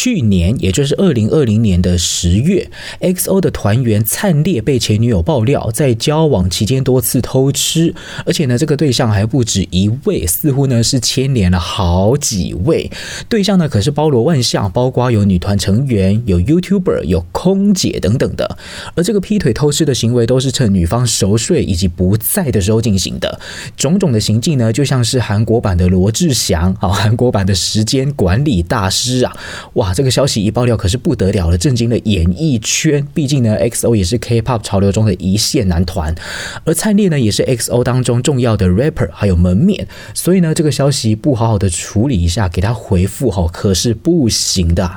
去年，也就是二零二零年的十月，EXO 的團員燦烈被前女友爆料，在交往期間多次偷吃，而且呢，這個對象還不止一位，似乎呢是牽連了好幾位。對象呢，可是包羅萬象，包括有女團成員、有 YouTuber、有空姐等等的。而這個劈腿偷吃的行為，都是趁女方熟睡以及不在的時候進行的。種種的行徑呢，就像是韓國版的羅志祥啊，韓國版的時間管理大師啊，哇！這個消息一爆料可是不得了了，震驚了演藝圈。畢竟呢，EXO 也是 K-pop 潮流中的一線男團，而燦烈呢也是 EXO 當中重要的 rapper，還有門面。所以呢，這個消息不好好的處理一下，給他回復吼、哦，可是不行的。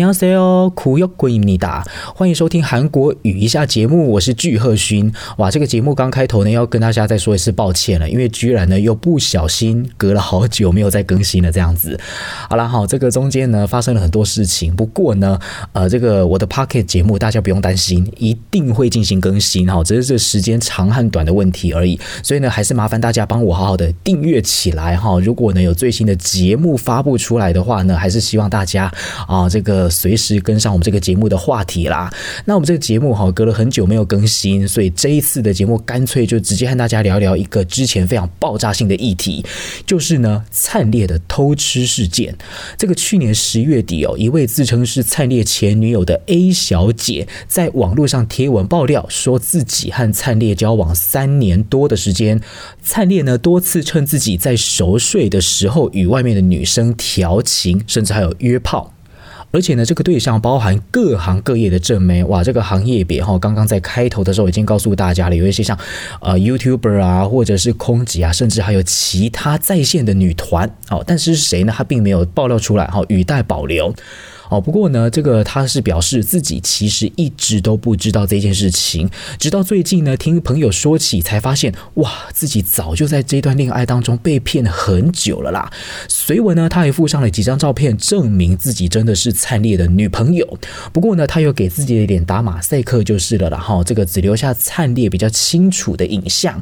你要 s a 哦，cool y 歡迎收聽韓國語一下節目，我是具赫勳。哇，這個節目剛開頭呢，要跟大家再說一次抱歉了，因為居然呢又不小心隔了好久沒有再更新了這樣子。好了，好、哦，這個中間呢發生了很多事情，不過呢，呃，這個我的 Pocket 節目大家不用擔心，一定會進行更新哈、哦，只是這個時間長和短的問題而已。所以呢，還是麻煩大家幫我好好的訂閱起來哈、哦。如果呢有最新的節目發布出來的話呢，還是希望大家啊、哦、這個。隨時跟上我們這個節目的話題啦。那我們這個節目哈，隔了很久沒有更新，所以這一次的節目乾脆就直接和大家聊一聊一個之前非常爆炸性的議題，就是呢，燦烈的偷吃事件。這個去年十月底哦，一位自稱是燦烈前女友的 A 小姐在網絡上貼文爆料，說自己和燦烈交往三年多的時間，燦烈呢多次趁自己在熟睡的時候與外面的女生調情，甚至還有約炮。而且呢，這個對象包含各行各業的正妹。哇，這個行業別哈，剛剛在開頭的時候已經告訴大家了，有一些像呃 YouTuber 啊，或者是空姐啊，甚至還有其他在線的女團。哦，但是誰呢？她並沒有爆料出來。哈、哦，語帶保留。哦，不過呢，這個他是表示自己其實一直都不知道這件事情，直到最近呢，聽朋友說起才發現，哇，自己早就在這段戀愛當中被騙很久了啦。隨文呢，他還附上了幾張照片證明自己真的是燦烈的女朋友。不過呢，他又給自己的臉打馬賽克就是了，然後這個只留下燦烈比較清楚的影像，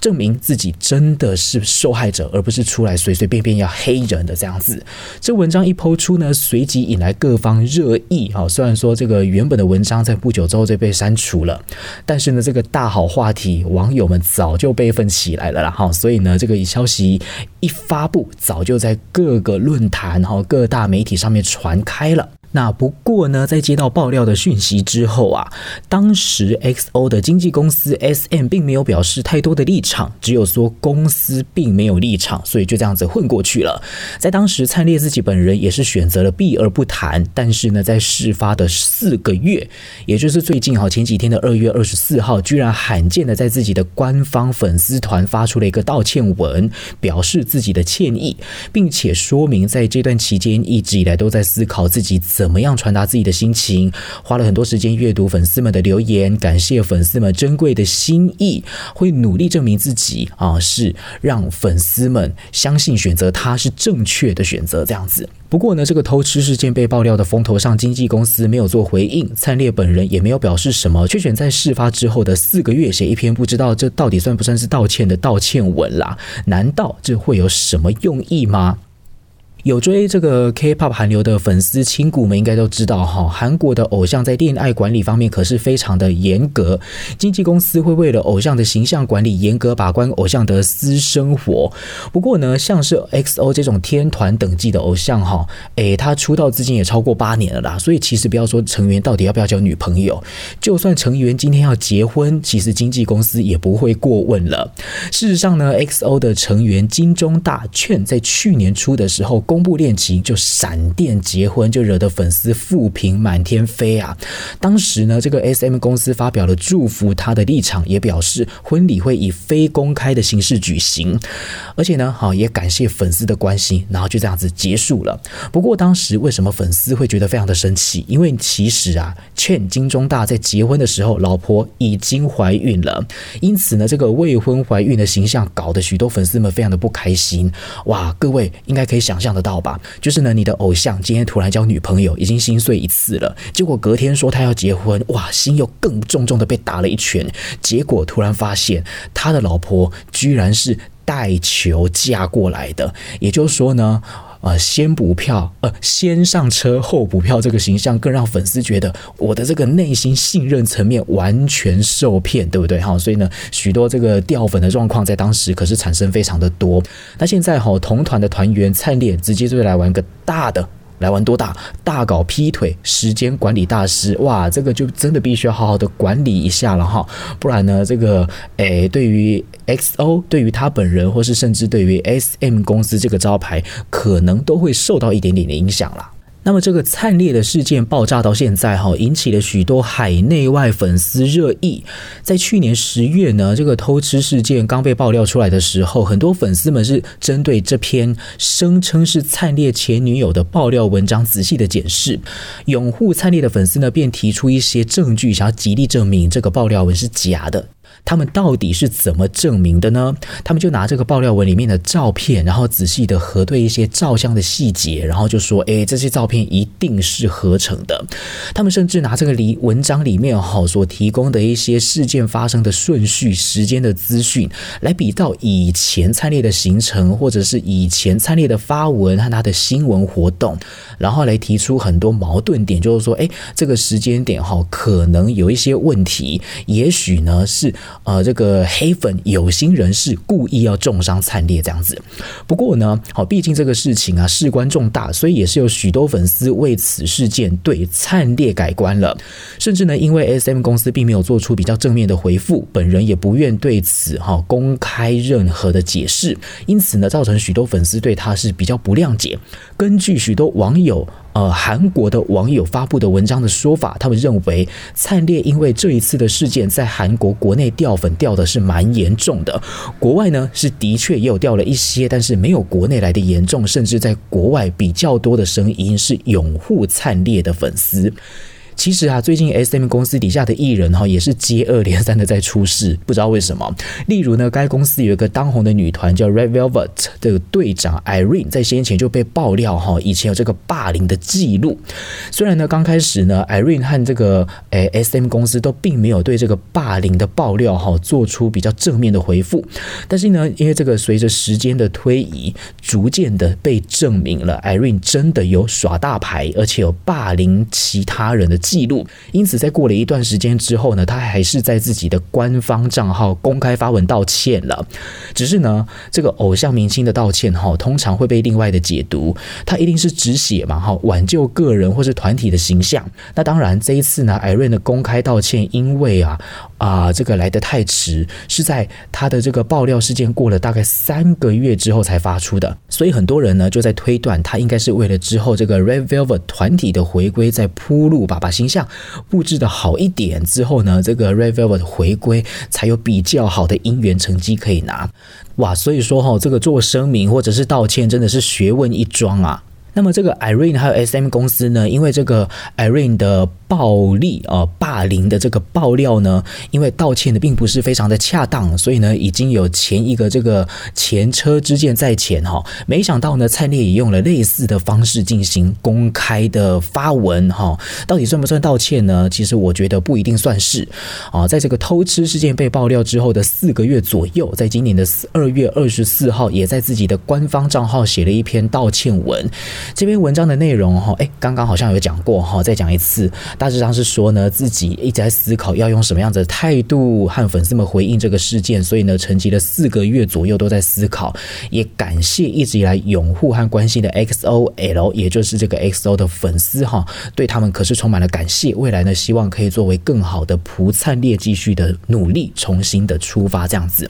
證明自己真的是受害者，而不是出來隨隨便便要黑人的這樣子。這文章一 PO 出呢，隨即引來。各方熱議哈，雖然說這個原本的文章在不久之後就被刪除了，但是呢，這個大好話題網友們早就備份起來了啦，哈，所以呢，這個消息一發布，早就在各個論壇哈、各大媒體上面傳開了。那不過呢，在接到爆料的訊息之後啊，當時 EXO 的經紀公司 SM 並沒有表示太多的立場，只有說公司並沒有立場，所以就這樣子混過去了。在當時，燦烈自己本人也是選擇了避而不談。但是呢，在事發的四個月，也就是最近喔，前幾天的二月二十四號，居然罕見的在自己的官方粉絲團發出了一個道歉文，表示自己的歉意，並且說明在這段期間一直以來都在思考自己。怎麼樣傳達自己的心情？花了很多時間閱讀粉絲們的留言，感謝粉絲們珍貴的心意，會努力證明自己啊，是讓粉絲們相信選擇他是正確的選擇。這樣子。不過呢，這個偷吃事件被爆料的風頭上，經紀公司沒有做回應，燦烈本人也沒有表示什麼，卻選在事發之後的四個月寫一篇，不知道這到底算不算是道歉的道歉文啦？難道這會有什麼用意嗎？有追這個 K-pop 韓流的粉絲、親故們應該都知道哈，韓國的偶像在戀愛管理方面可是非常的嚴格，經紀公司會為了偶像的形象管理，嚴格把關偶像的私生活。不過呢，像是 EXO 這種天團等級的偶像哈，誒、欸，他出道至今也超過八年了啦，所以其實不要說成員到底要不要交女朋友，就算成員今天要結婚，其實經紀公司也不會過問了。事實上呢，EXO 的成員金鐘大勸在去年初的時候公。公布戀情就閃電結婚，就惹得粉絲負評滿天飛啊！當時呢，這個 SM 公司發表了祝福他的立場，也表示婚禮會以非公開的形式舉行，而且呢，好、哦、也感謝粉絲的關心，然後就這樣子結束了。不過當時為什麼粉絲會覺得非常的生氣？因為其實啊，勸金鐘大在結婚的時候，老婆已經懷孕了，因此呢，這個未婚懷孕的形象，搞得許多粉絲們非常的不開心。哇，各位應該可以想象的。得到吧，就是呢，你的偶像今天突然交女朋友，已經，心碎一次了。結果隔天說他要結婚，哇，心又更重重的被打了一拳。結果突然發現他的老婆居然是帶球嫁過來的，也就是說呢。啊、呃，先補票，呃，先上車後補票，這個形象更讓粉絲覺得我的這個內心信任層面完全受騙，對不對？哈，所以呢，許多這個掉粉的狀況在當時可是產生非常的多。那現在哈、哦，同團的團員燦烈直接就來玩個大的。來玩多大，大搞劈腿，時間管理大師，哇，這個就真的必須要好好的管理一下了哈，不然呢，這個，哎，對於 EXO，對於他本人，或是甚至對於 SM 公司這個招牌，可能都會受到一點點的影響了。那麼這個燦烈的事件爆炸到現在哈，引起了許多海內外粉絲熱議。在去年十月呢，這個偷吃事件剛被爆料出來的時候，很多粉絲們是針對這篇聲稱是燦烈前女友的爆料文章仔細的檢視。擁護燦烈的粉絲呢，便提出一些證據，想要極力證明這個爆料文是假的。他們到底是怎麼證明的呢？他們就拿這個爆料文裡面的照片，然後仔細的核對一些照相的細節，然後就說：“誒、哎，這些照片一定是合成的。”他們甚至拿這個裡文章裡面哈所提供的一些事件發生的順序、時間的資訊，來比照以前燦烈的行程，或者是以前燦烈的發文和他的新聞活動，然後來提出很多矛盾點，就是說：“誒、哎，這個時間點哈，可能有一些問題，也許呢是。”呃，這個黑粉有心人士故意要重傷燦烈這樣子。不過呢，好，畢竟這個事情啊事關重大，所以也是有許多粉絲為此事件對燦烈改觀了。甚至呢，因為 SM 公司並沒有做出比較正面的回復，本人也不願對此哈公開任何的解釋，因此呢，造成許多粉絲對他是比較不諒解。根據許多網友。呃，韓國的網友發布的文章的說法，他們認為燦烈因為這一次的事件，在韓國國內掉粉掉的是蠻嚴重的，國外呢，是的確也有掉了一些，但是沒有國內來的嚴重，甚至在國外比較多的聲音是擁護燦烈的粉絲。其實啊，最近 SM 公司底下的藝人哈也是接二連三的在出事，不知道為什麼。例如呢，該公司有一個當紅的女團叫 Red Velvet 的隊長 Irene，在先前就被爆料哈以前有這個霸凌的記錄。雖然呢，剛開始呢，Irene 和這個誒、呃、SM 公司都並沒有對這個霸凌的爆料哈做出比較正面的回復，但是呢，因為這個隨着時間的推移，逐漸的被證明了 Irene 真的有耍大牌，而且有霸凌其他人的。記錄，因此在過了一段時間之後呢，他還是在自己的官方賬號公開發文道歉了。只是呢，這個偶像明星的道歉哈，通常會被另外的解讀，他一定是止血嘛，哈，挽救個人或是團體的形象。那當然，這一次呢，Irene 的公開道歉，因為啊啊、呃，這個來得太遲，是在他的這個爆料事件過了大概三個月之後才發出的，所以很多人呢就在推斷，他應該是為了之後這個 Red Velvet 團體的回歸在鋪路吧，把把。形象佈置的好一點之後呢，這個 Red Velvet 的回歸才有比較好的音源成績可以拿，哇！所以說哈、哦，這個做聲明或者是道歉真的是學問一樁啊。那麼這個 Irene 還有 SM 公司呢，因為這個 Irene 的。暴力啊，霸凌的這個爆料呢，因為道歉的並不是非常的恰當，所以呢，已經有前一個這個前車之鑑在前哈。沒想到呢，燦烈也用了類似的方式進行公開的發文哈。到底算不算道歉呢？其實我覺得不一定算是啊。在這個偷吃事件被爆料之後的四個月左右，在今年的二月二十四號，也在自己的官方賬號寫了一篇道歉文。這篇文章的內容哈，誒，剛剛好像有講過哈，再講一次。大致上是說呢，自己一直在思考要用什麼樣的態度和粉絲們回應這個事件，所以呢，沉寂了四個月左右都在思考，也感謝一直以來擁護和關心的 EXO-L，也就是這個 EXO 的粉絲哈，對他們可是充滿了感謝。未來呢，希望可以作為更好的朴燦烈繼續的努力，重新的出發這樣子。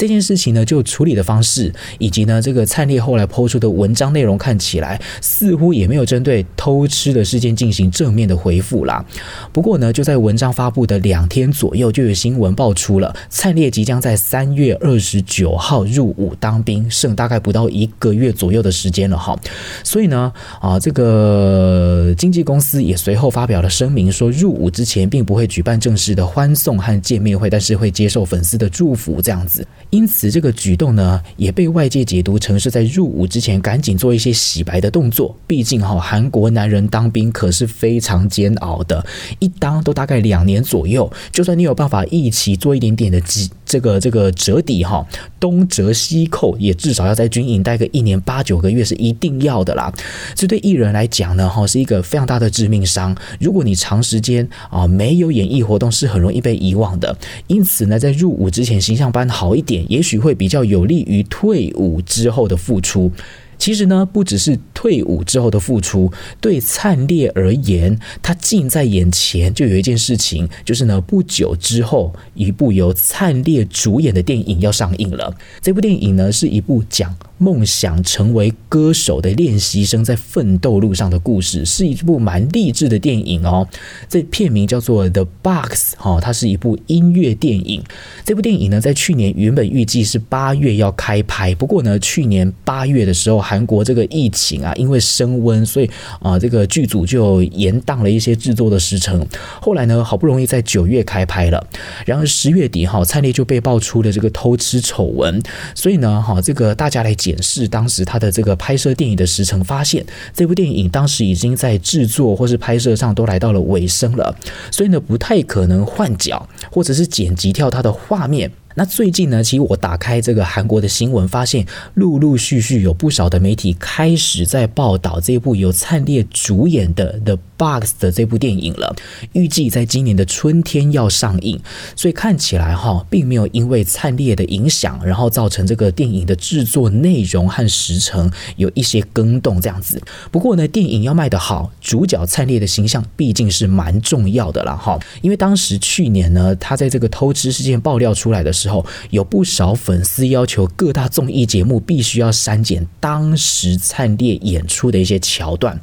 這件事情呢，就處理的方式以及呢，這個燦烈後來 PO 出的文章內容，看起來似乎也沒有針對偷吃的事件進行正面的回復啦。不過呢，就在文章發布的兩天左右，就有新聞爆出了燦烈即將在三月二十九號入伍當兵，剩大概不到一個月左右的時間了齁。所以呢，啊，這個經紀公司也隨後發表了聲明，說入伍之前並不會舉辦正式的歡送和見面會，但是會接受粉絲的祝福這樣子。因此，這個舉動呢，也被外界解讀成是在入伍之前趕緊做一些洗白的動作。畢竟、哦，哈，韓國男人當兵可是非常煎熬的，一當都大概兩年左右。就算你有辦法一起做一點點的這個這個折抵哈、哦，東折西扣，也至少要在軍營待個一年八九個月是一定要的啦。這對藝人來講呢，哈、哦，是一個非常大的致命傷。如果你長時間啊、哦、沒有演藝活動，是很容易被遺忘的。因此呢，在入伍之前形象班好一點，也許會比較有利於退伍之後的復出。其實呢，不只是退伍之後的復出，對燦烈而言，他近在眼前就有一件事情，就是呢，不久之後，一部由燦烈主演的電影要上映了。這部電影呢，是一部講。夢想成為歌手的練習生在奮鬥路上的故事，是一部蠻勵志的電影哦。這片名叫做《The Box》哦，它是一部音樂電影。這部電影呢，在去年原本預計是八月要開拍，不過呢，去年八月的時候，韓國這個疫情啊，因為升溫，所以啊、呃，這個劇組就延宕了一些制作的時程。後來呢，好不容易在九月開拍了，然而十月底哈，哦、燦烈就被爆出了這個偷吃醜聞，所以呢，哈、哦，這個大家來解。顯示當時他的這個拍攝電影的時程，發現這部電影當時已經在製作或是拍攝上都來到了尾聲了，所以呢，不太可能換角或者是剪輯掉他的畫面。那最近呢？其實我打開這個韓國的新聞，發現陸陸續續有不少的媒體開始在報道這部由燦烈主演的《The Box》的這部電影了。預計在今年的春天要上映，所以看起來哈、哦，並沒有因為燦烈的影響，然後造成這個電影的制作內容和時程有一些更動這樣子。不過呢，電影要賣得好，主角燦烈的形象畢竟是蠻重要的了哈。因為當時去年呢，他在這個偷吃事件爆料出來的時候，後有不少粉絲要求各大綜藝節目必須要刪減當時燦烈演出的一些橋段。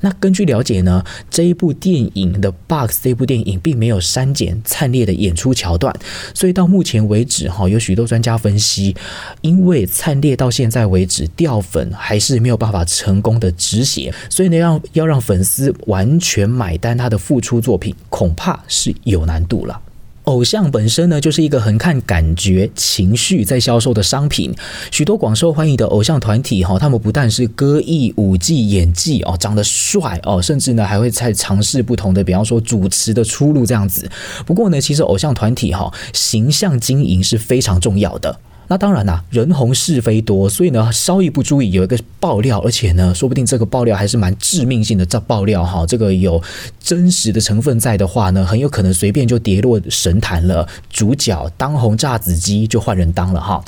那根據了解呢，這一部電影的《Box》這部電影並沒有刪減燦烈的演出橋段，所以到目前為止，哈，有許多專家分析，因為燦烈到現在為止掉粉還是沒有辦法成功的止血，所以呢，要要讓粉絲完全買單他的復出作品，恐怕是有難度了。偶像本身呢，就是一個很看感覺、情緒在銷售的商品。許多廣受歡迎的偶像團體哈、哦，他們不但是歌藝、舞技、演技哦，長得帥哦，甚至呢還會再嘗試不同的，比方說主持的出路這樣子。不過呢，其實偶像團體哈、哦，形象經營是非常重要的。那當然啦、啊，人紅是非多，所以呢，稍一不注意，有一個爆料，而且呢，說不定這個爆料還是蠻致命性的。這爆料哈，這個有真實的成分在的話呢，很有可能隨便就跌落神壇了。主角當紅炸子雞就換人當了哈。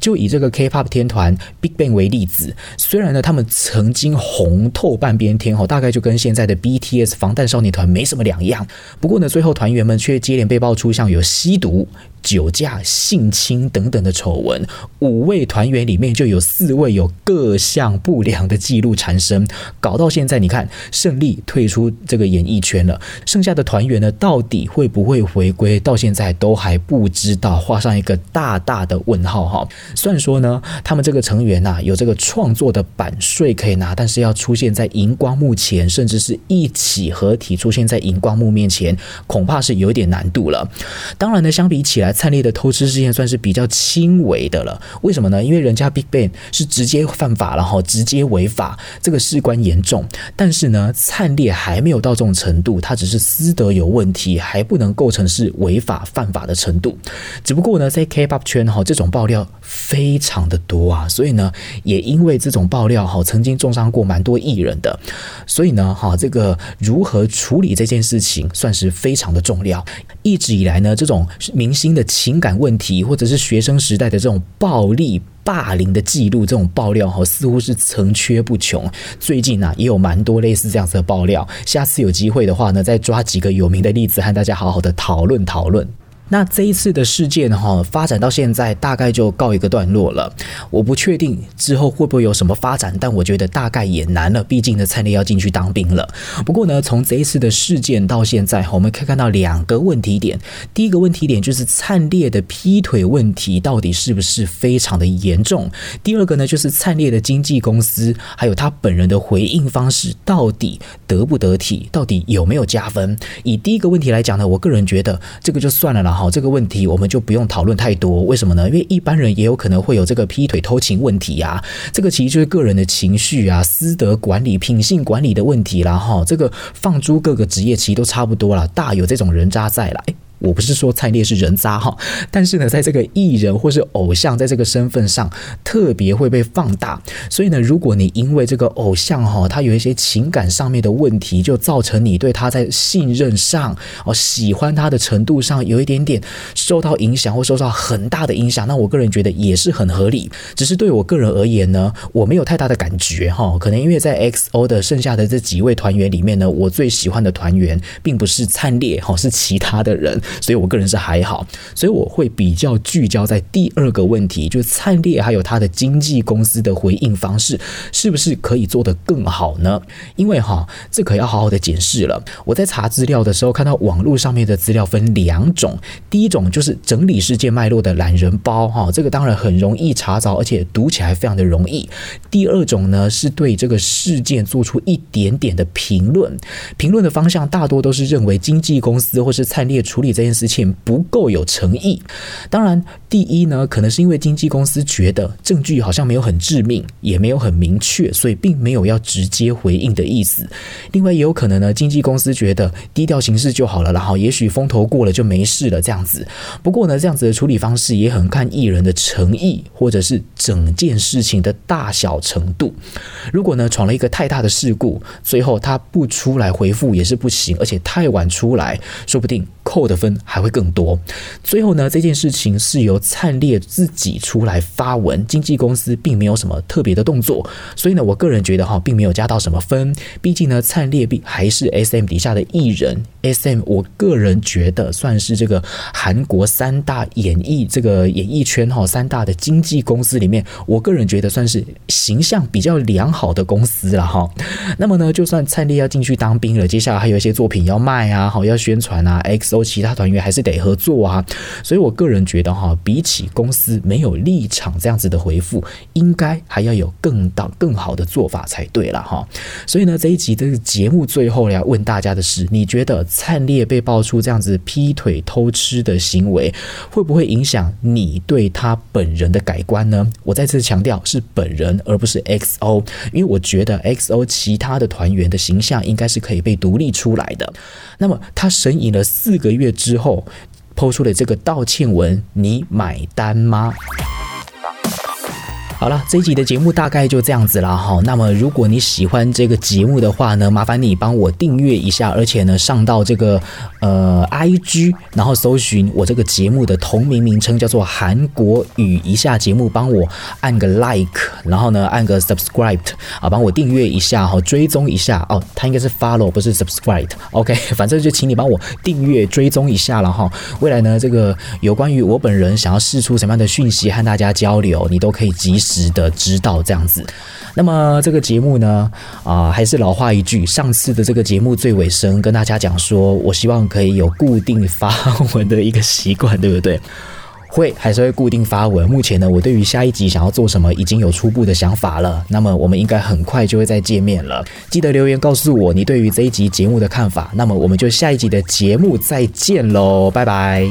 就以這個 K-pop 天團 BigBang 為例子，雖然呢，他們曾經紅透半邊天，大概就跟現在的 BTS 防彈少年團沒什麼兩樣，不過呢，最後團員們卻接連被爆出像有吸毒。酒駕、性侵等等的醜聞，五位團員裡面就有四位有各項不良的記錄纏身，搞到現在，你看勝利退出這個演藝圈了，剩下的團員呢，到底會不會回歸？到現在都還不知道，畫上一個大大的問號哈、哦。雖然說呢，他們這個成員吶、啊，有這個創作的版稅可以拿，但是要出現在熒光幕前，甚至是一起合體出現在熒光幕面前，恐怕是有點難度了。當然呢，相比起來。燦烈的偷吃事件算是比較輕微的了，為什麼呢？因為人家 Big Bang 是直接犯法了哈，直接違法，這個事關嚴重。但是呢，燦烈還沒有到這種程度，他只是私德有問題，還不能構成是違法犯法的程度。只不過呢，在 K-pop 圈哈，這種爆料。非常的多啊，所以呢，也因為這種爆料哈、哦，曾經重傷過蠻多藝人的，所以呢，哈、哦，這個如何處理這件事情，算是非常的重要。一直以來呢，這種明星的情感問題，或者是學生時代的這種暴力霸凌的記錄，這種爆料哈、哦，似乎是層出不窮。最近呢、啊，也有蠻多類似這樣子的爆料。下次有機會的話呢，再抓幾個有名的例子，和大家好好的討論討論。那這一次的事件哈、哦，發展到現在大概就告一個段落了。我不確定之後會不會有什麼發展，但我覺得大概也難了。畢竟呢，燦烈要進去當兵了。不過呢，從這一次的事件到現在哈，我們可以看到兩個問題點。第一個問題點就是燦烈的劈腿問題到底是不是非常的嚴重？第二個呢，就是燦烈的經紀公司還有他本人的回應方式到底得不得體，到底有沒有加分？以第一個問題來講呢，我個人覺得這個就算了啦。好，這個問題我們就不用討論太多。為什麼呢？因為一般人也有可能會有這個劈腿偷情問題呀、啊。這個其實就是個人的情緒啊、私德管理、品性管理的問題了哈。這個放諸各個職業其實都差不多啦，大有這種人渣在啦。我不是說燦烈是人渣哈，但是呢，在這個藝人或是偶像在這個身份上特別會被放大，所以呢，如果你因為這個偶像哈，他有一些情感上面的問題，就造成你對他在信任上哦，喜歡他的程度上有一點點受到影響或受到很大的影響，那我個人覺得也是很合理。只是對我個人而言呢，我沒有太大的感覺哈，可能因為在 EXO 的剩下的這幾位團員裡面呢，我最喜歡的團員並不是燦烈哈，是其他的人。所以，我個人是還好，所以我會比較聚焦在第二個問題，就是燦烈還有他的經紀公司的回應方式，是不是可以做得更好呢？因為哈、哦，這可要好好的解釋了。我在查資料的時候，看到網絡上面的資料分兩種，第一種就是整理事件脈絡的懶人包，哈，這個當然很容易查找，而且讀起來非常的容易。第二種呢，是對這個事件做出一點點的評論，評論的方向大多都是認為經紀公司或是燦烈處理。這件事情不夠有誠意。當然，第一呢，可能是因為經紀公司覺得證據好像沒有很致命，也沒有很明確，所以並沒有要直接回應的意思。另外，也有可能呢，經紀公司覺得低調行事就好了，然後也許風頭過了就沒事了這樣子。不過呢，這樣子的處理方式也很看藝人的誠意，或者是整件事情的大小程度。如果呢，闖了一個太大的事故，最後他不出來回復也是不行，而且太晚出來，說不定。扣的分還會更多。最後呢，這件事情是由燦烈自己出來發文，經紀公司並沒有什麼特別的動作。所以呢，我個人覺得哈、哦，並沒有加到什麼分。畢竟呢，燦烈並還是 SM 底下的藝人。SM，我個人覺得算是這個韓國三大演藝這個演藝圈哈、哦，三大的經紀公司裡面，我個人覺得算是形象比較良好的公司了哈、哦。那麼呢，就算燦烈要進去當兵了，接下來還有一些作品要賣啊，好，要宣傳啊，X 其他團員還是得合作啊，所以我個人覺得哈，比起公司沒有立場這樣子的回復，應該還要有更大更好的做法才對了哈。所以呢，這一集這個節目最後要問大家的是：你覺得燦烈被爆出這樣子劈腿偷吃的行為，會不會影響你對他本人的改觀呢？我再次強調是本人，而不是 EXO，因為我覺得 EXO 其他的團員的形象應該是可以被獨立出來的。那麼他神隱了四個。一個月之後，PO 出了這個道歉文，你買單嗎？好了，這一集的節目大概就這樣子了哈。那麼如果你喜歡這個節目的話呢，麻煩你幫我訂閱一下，而且呢上到這個呃 IG，然後搜尋我這個節目的同名名稱叫做韓國語一下節目，幫我按個 like，然後呢按個 subscribe 啊，幫我訂閱一下哈，追蹤一下哦。他應該是 follow 不是 subscribe，OK，okay? 反正就請你幫我訂閱追蹤一下了哈。未來呢這個有關於我本人想要釋出什麼樣的訊息和大家交流，你都可以及時。值得知道這樣子，那麼這個節目呢，啊，還是老話一句，上次的這個節目最尾聲跟大家講說，我希望可以有固定發文的一個習慣，對不對？會還是會固定發文？目前呢，我對於下一集想要做什麼已經有初步的想法了，那麼我們應該很快就會再見面了。記得留言告訴我你對於這一集節目的看法，那麼我們就下一集的節目再見嘍，拜拜。